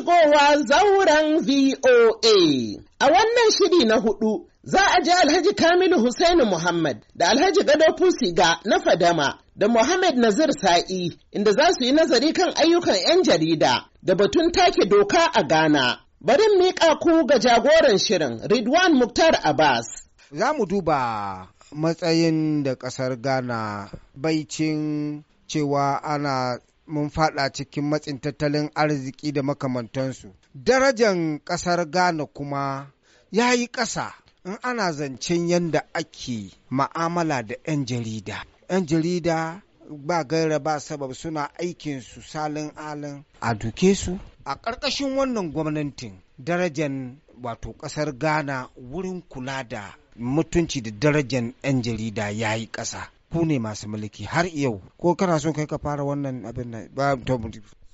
shigowa zauren VOA. A wannan shiri na hudu za a ji Alhaji Kamilu Hussaini Muhammad da Alhaji Gado Fusiga na Fadama da Muhammad Nazir Sa'i inda za su yi nazari kan ayyukan 'yan jarida da batun take doka a Ghana. barin miƙa ku ga jagoran shirin Ridwan Muktar Abbas. Za mu duba matsayin da ƙasar Ghana baicin cewa ana mun fada cikin matsin tattalin arziki da makamantansu. Darajan ƙasar Ghana kuma ya yi ƙasa in ana zancen yadda ake ma'amala da 'yan jarida. 'Yan jarida ba gaira ba sabab suna aikin su salin alin a duke su. A ƙarƙashin wannan gwamnatin darajan wato ƙasar Ghana wurin kula da mutunci da darajan 'yan jarida ya yi ƙasa. ku ne masu mulki har yau ko kana so kai ka fara wannan abin nan ba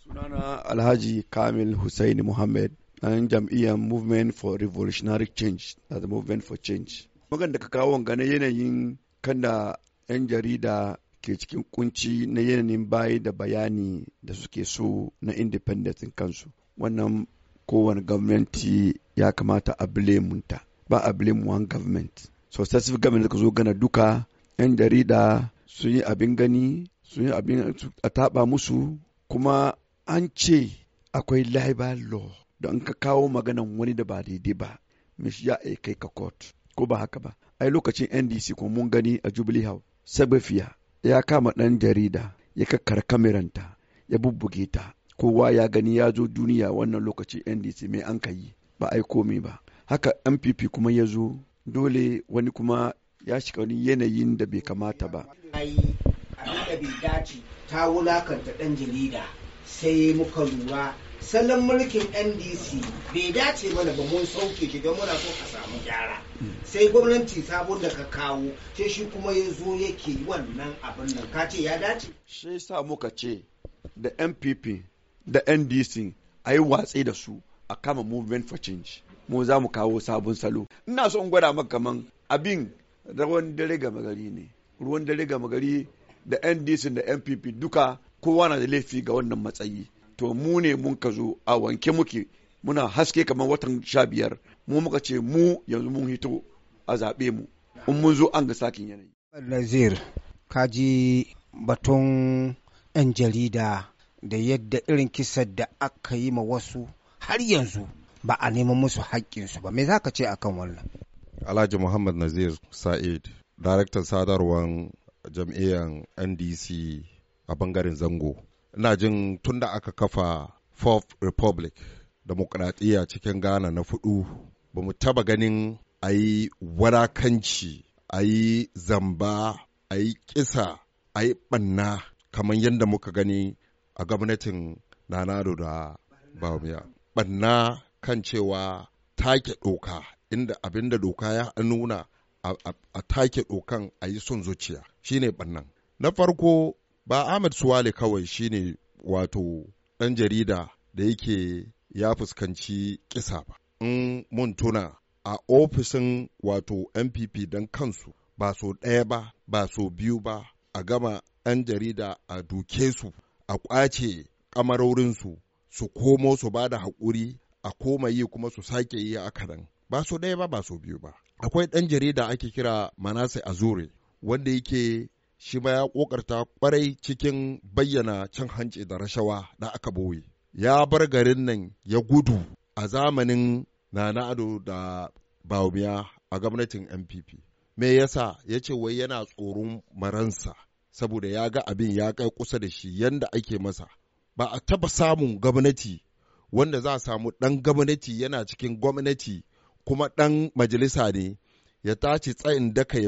sunana alhaji kamil hussaini muhammad nan jam'iyyar movement for revolutionary change na the movement for change magan da ka kawo gane yanayin kan da 'yan jarida ke cikin kunci na yanayin bayi da bayani da suke so na independent kansu wannan kowane gwamnati ya kamata a blame ta ba a blame one government so government da ka zo gana duka 'yan jarida sun yi abin gani sun yi abin a taɓa musu kuma an ce akwai libel law don ka kawo maganan wani da ba daidai ba mishi ya kai ka court ko ba haka ba ai lokacin ndc kuma mun gani a jubilee house sabafiya ya kama ɗan jarida ya kakkar kameranta ya bubbuge ta kowa ya gani ya zo duniya wannan lokacin ndc mai an ka yi ba ai komi ba haka mpp kuma ya zo dole wani kuma ya shiga wani yanayin da bai kamata ba bai dace ta wulakanta ɗan jarida sai muka lura salon mulkin ndc bai dace mana ba mun sauke shi don muna so a samu gyara sai gwamnati sabon da ka kawo ce shi kuma ya zo yake wannan abin nan ka ce ya dace shi sa muka ce da npp da ndc a yi watsi da su a kama movement for change mu za mu kawo sabon salo ina so in gwada maka kaman abin rawan dare gama gari ne ruwan dare gama gari da ndc da npp duka kowa na da laifi ga wannan matsayi to mu ne mun ka zo a wanke muke muna haske kamar watan sha biyar mu muka ce mu yanzu mun hito a zaɓe mu in mun zo an ga sakin yanayi. Nazir kaji batun 'yan jarida da yadda irin kisan da aka yi ma wasu har yanzu ba a neman musu haƙƙinsu ba me za ka ce akan wannan Alhaji Muhammad Nazir Sa'id, daraktan sadarwar jam'iyyar NDC a bangaren zango. Ina jin tun da aka kafa Fourth Republic, demokradiyya cikin Ghana na fudu, ba mu taba ganin a yi wadakanci, a yi zamba, a yi kisa, a yi ɓanna kamar yadda muka gani a gwamnatin Nanado da Bamiya. Ɓanna kan cewa take doka inda abin da doka ya nuna a take dokan a yi son zuciya shine bannan na farko ba ahmed suwale kawai shine wato ɗan jarida da yake ya fuskanci kisa ba in mun tuna a ofishin wato MPP don kansu ba so ɗaya ba ba so biyu ba a gama 'yan jarida a duke su a ƙwace kamarorinsu su komo su ba da haƙuri a koma yi kuma su sake yi a kanan ba so ɗaya ba ba so biyu ba akwai ɗan jarida ake kira manase azure wanda yake shi ma ya ƙoƙarta kwarai cikin bayyana cin hanci da rashawa da aka boye ya bar garin nan ya gudu a zamanin nana ado da bawumiya a gwamnatin mpp me yasa ya ce wai yana tsoron maransa saboda ya ga abin ya kai kusa da shi yanda ake masa ba a taba samun gwamnati wanda za a samu ɗan gwamnati yana cikin gwamnati kuma ɗan majalisa ne ya tashi tsayin daka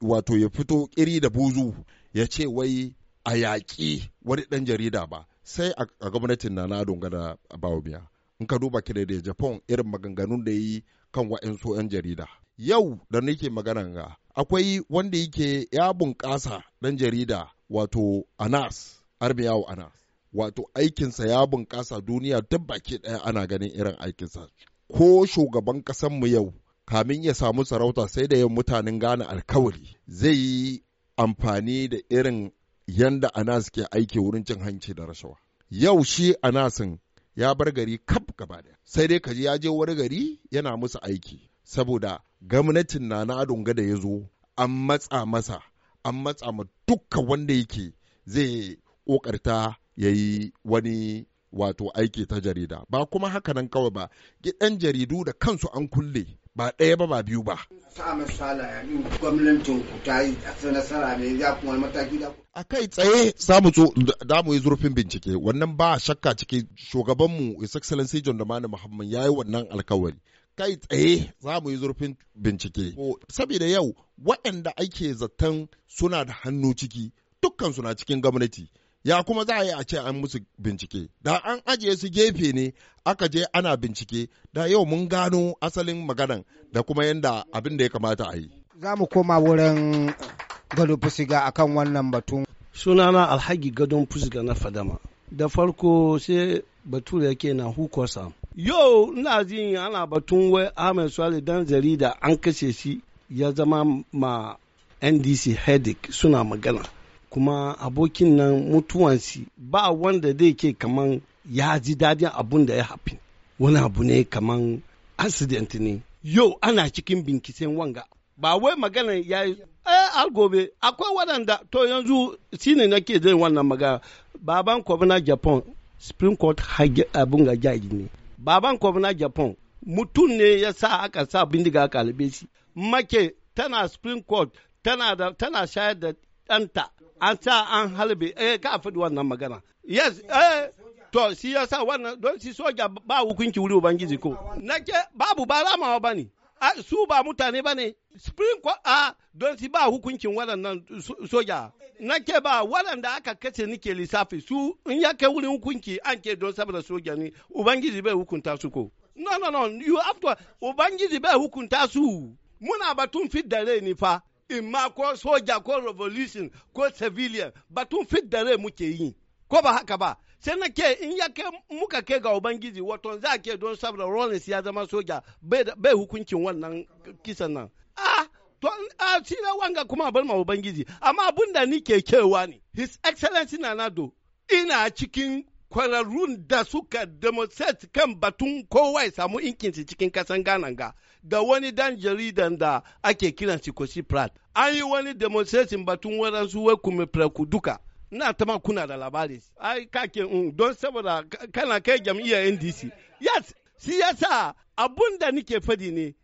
wato ya fito ƙiri da buzu ya ce wai a yaƙi wani ɗan jarida ba sai a gwamnatin na na dongana bawo biya in ka duba kira da japan irin maganganun da yi kan wa'insu 'yan jarida yau da nake magana ga akwai wanda yake ya bunƙasa ɗan jarida wato anas armiyawo anas wato aikinsa ya bunƙasa duniya duk baki ɗaya ana ganin irin aikinsa ko shugaban ƙasanmu yau kamin ya samu sarauta sai da yin mutanen gane alkawari zai yi amfani da irin yanda anas ke aiki wurin cin hanci da rashawa yau shi anasin ya bar gari kaf gaba daya sai dai kaji ya je wani gari yana musu aiki saboda gwamnatin na na adunga da ya zo an matsa masa an matsa ma dukkan wanda yake zai kokarta ya yi wani wato aiki ta jarida ba kuma haka nan kawai ba gidan jaridu da kansu an kulle ba ɗaya ba ba biyu ba. a kai tsaye samu tso da mu yi zurfin bincike wannan ba shakka ciki shugabanmu His Excellency John Dramani Muhammad ya yi wannan alkawari. Kai tsaye za mu yi zurfin bincike. Saboda yau waɗanda ake zaton suna da hannu ciki dukkan suna cikin gwamnati. ya kuma za a yi a ce an musu bincike da an ajiye su gefe ne aka je ana bincike da yau mun gano asalin maganan da kuma yadda abin da ya kamata a yi za mu koma wurin gado fusiga kan wannan batun sunana alhagi gadon fusiga na fadama da farko sai da yake na hukosa yau ina jin ana batun wai ahmed swale dan jarida an kashe shi ya zama ma ndc headache suna magana kuma abokin nan mutuwansi ba wanda zai ke kaman ya ji dadin abun da ya hafi wani abu ne kaman accident ne yau ana cikin binkisen wanga ba wai magana ya yi eh algobe akwai waɗanda to yanzu shine nake zai wannan magana baban kwabna japan supreme court abun ga jaji ne baban kwabna japan mutum ne ya sa aka sa bindiga aka shi make tana supreme court tana da tana shayar da ɗanta an sa an halbe eh ka faɗi wannan magana yes eh to shi yasa wannan don shi soja ba hukunci wuri ubangiji ko nake babu ba ramawa bane su ba mutane ba spring ko a don su ba hukuncin waɗannan soja na ba waɗanda aka kace nike lissafi su in ya kai wurin hukunci an ke don saboda soja ne ubangiji bai hukunta su ko no no no you have to ubangiji bai hukunta su muna batun fit da rai ni fa imma ko soja ko revolution ko civilian batun fidda rai muke yi ko ba haka ba sai na ke in ya ke muka ke ga ubangiji wato za ke don saboda rollins ya zama soja bai hukuncin wannan kisan nan ah to a cire wanga kuma bar ma ubangiji amma abinda ni ke kewa ne his excellency na ina cikin kwararrun da suka demonstrate kan batun kowa ya samu inkinsu cikin kasan Ghana ga da wani dan jaridan da ake kiran kosi Prat. An yi wani demonstration batun waransu wai kuma duka. na tama kuna da labari ai kake um, don saboda kana kai jam'iyyar ndc yes siyasa abun da nike fadi ne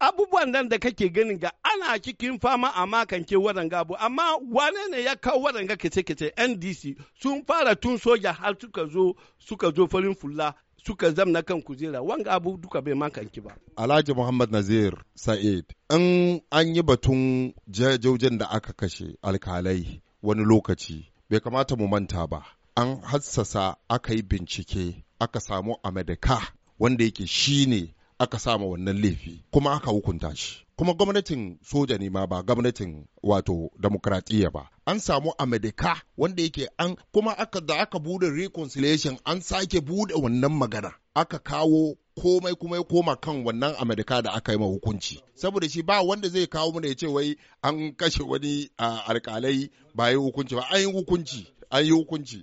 abubuwan nan da kake ganin ga ana cikin fama a makance waɗanga abu amma wane ne ya kawo waɗanga kice-kice ndc sun fara tun soja har suka zo suka zo farin fulla suka zamna kan kujera wanga abu duka bai makanki ba alhaji muhammad nazir sa'id in an yi batun jajojin da aka kashe alkalai wani lokaci bai kamata mu manta ba an hassasa aka yi bincike aka samu amadaka wanda yake shine aka sama wannan laifi kuma aka hukunta shi kuma gwamnatin soja ne ma ba gwamnatin wato demokratiya ba an samu amerika wanda yake an kuma aka da aka bude reconciliation an sake bude wannan magana aka kawo komai kuma ya koma kan wannan amerika da aka yi hukunci saboda shi ba wanda zai kawo mana ya ce wai an kashe wani alkalai ba yi hukunci ba an yi hukunci an yi hukunci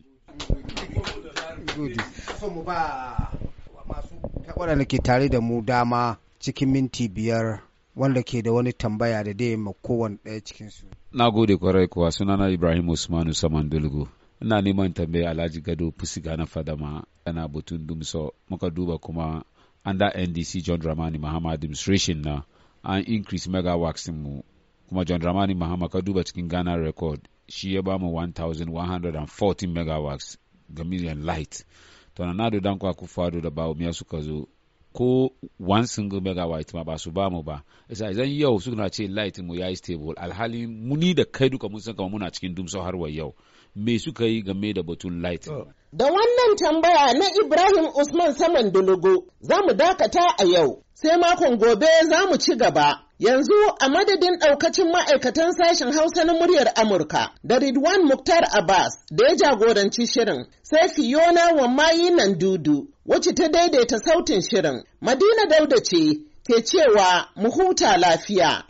waɗanda ke tare da mu dama cikin minti biyar wanda ke da wani tambaya da dai ma kowane ɗaya su. Na gode kwarai kuwa sunana Ibrahim Usmanu Saman Dulgu. Ina neman tambaya Alhaji Gado Fusiga na Fadama yana batun Dumso muka duba kuma under NDC John Dramani Mahama administration na an increase megawatts mu kuma John Dramani Mahama ka duba cikin Ghana record shi ya bamu 1114 megawatts ga million light. to na do dan kwa ku fado da bawo miya suka zo ko one single megawatt ma ba su ba mu ba isa idan yau suna ce light mu yayi stable alhali muni da kai duka mun san kamar muna cikin dumso har wa yau me suka yi game da batun light oh. da wannan tambaya na Ibrahim Usman Saman Dulugu za mu dakata a yau sai makon gobe za mu ci gaba Yanzu a madadin ɗaukacin ma'aikatan sashen Hausa na muryar Amurka da Ridwan mukhtar Abbas da ya jagoranci shirin sai Fiona Wammayi nan dudu wacce ta daidaita sautin shirin. Madina Dauda ce ke cewa mu huta lafiya.